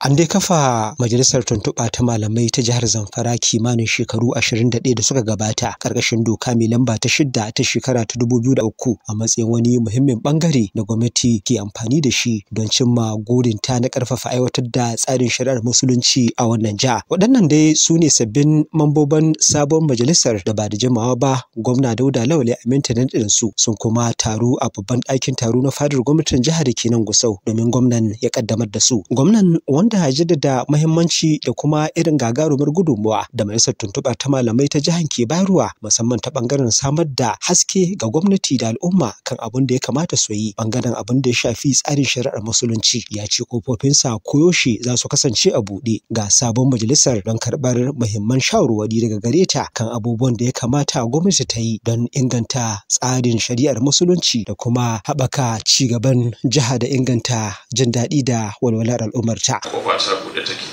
An dai kafa majalisar tuntuɓa ta malamai ta jihar Zamfara kimanin shekaru 21 da suka gabata ƙarƙashin doka mai lamba ta shidda ta shekara ta da uku, a matsayin wani muhimmin ɓangare da gwamnati ke amfani da shi don cimma gurinta na ƙarfafa aiwatar da tsarin shari'ar musulunci a wannan jiha. Waɗannan dai su ne sabbin mambobin sabon majalisar da ba da jimawa ba gwamna Dauda Lawale Aminta na su sun kuma taru a babban ɗakin taro na fadar gwamnatin jihar da ke nan Gusau domin gwamnan ya ƙaddamar da su. Gwamnan wanda ya jaddada muhimmanci da kuma irin gagarumar gudunmuwa da majalisar tuntuɓar ta malamai ta jihar ke bayarwa musamman ta ɓangaren samar da haske ga gwamnati da al'umma kan abun da ya kamata su yi ɓangaren abin da ya shafi tsarin shari'ar musulunci ya ce kofofinsa koyaushe za su kasance a buɗe ga sabon majalisar don karɓar muhimman shawarwari daga gare ta kan abubuwan da ya kamata gwamnati ta yi don inganta tsarin shari'ar musulunci da kuma haɓaka ci gaban jiha da inganta jin daɗi da walwalar al'ummarta. kwasa buɗe take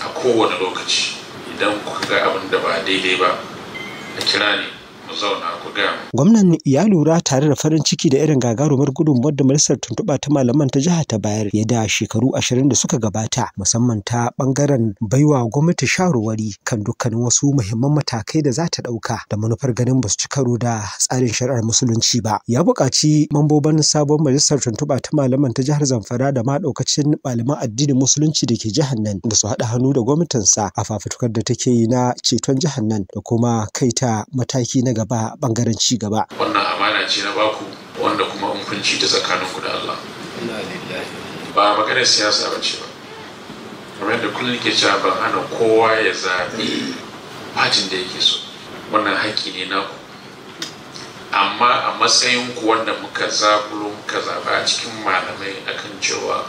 a kowane lokaci idan kuka ga abin da ba daidai ba a kira ne Gwamnan ya lura tare da farin ciki da irin gagarumar gudunmuwar da majalisar tuntuɓa ta malaman ta jiha ta bayar ya da shekaru ashirin da suka gabata musamman ta ɓangaren baiwa gwamnati shawarwari kan dukkanin wasu muhimman matakai da za ta ɗauka da manufar ganin ba su ci karo da tsarin shari'ar musulunci ba. Ya buƙaci mambobin sabon majalisar tuntuɓa ta malaman ta jihar Zamfara da ma ɗaukacin malaman addinin musulunci da ke jihar nan da su haɗa hannu da gwamnatinsa a fafutukar da take yi na ceton jihar nan da kuma kai ta mataki na gaba bangaren ci gaba. Wannan amana ce na baku wanda kuma in kun ci ta tsakaninku da Allah. Ba maganar siyasa ba ce ba. Kamar yadda kullum ke cewa ban hana kowa ya zaɓi fatin da yake so. Wannan haƙƙi ne naku. Amma a matsayin ku wanda muka zaɓulo muka zaɓa a cikin malamai akan cewa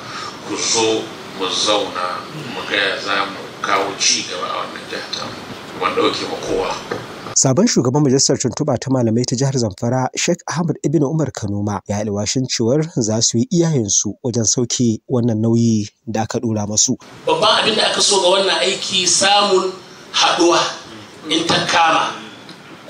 ku zo mu zauna mu gaya za mu kawo ci gaba a wannan jihar mu. Wanda ɗauke ma kowa. Sabon shugaban majalisar tuntuɓa ta malamai ta jihar Zamfara, Sheikh Ahmad Ibn Umar ma ya alwashin cewar za su yi iyayensu wajen sauke wannan nauyi da aka ɗora masu. Babban abin da aka so ga wannan aiki samun haɗuwa in ta kama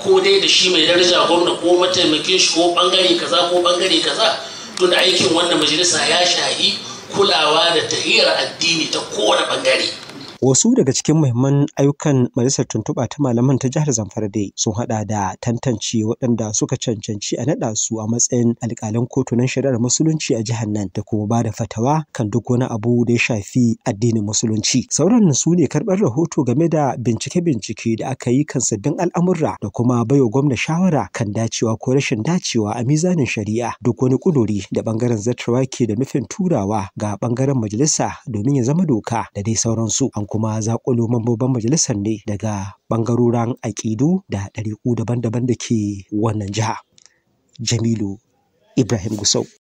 ko dai da shi mai daraja gwamna ko mataimakin shi ko bangare kaza ko bangare kaza tunda aikin wannan majalisa ya shahi kulawa da tahiyar addini ta kowane bangare. Wasu daga cikin muhimman ayyukan majalisar tuntuɓa ta malaman ta jihar Zamfara dai sun haɗa da tantance waɗanda suka cancanci a naɗa su a matsayin alƙalan kotunan shari'ar musulunci a jihar nan da kuma ba da fatawa kan duk wani abu da ya shafi addinin musulunci. Sauran su ne karɓar rahoto game da bincike-bincike da aka yi kan sabbin al'amurra da kuma baiwa gwamna shawara kan dacewa ko rashin dacewa a mizanin shari'a duk wani ƙuduri da ɓangaren zartarwa ke da nufin turawa ga ɓangaren majalisa domin ya zama doka da dai sauransu. An kuma zakulo mambobin majalisar ne daga ɓangarorin aƙidu da ɗariƙu daban-daban da ke wannan jiha. Jamilu Ibrahim Gusau.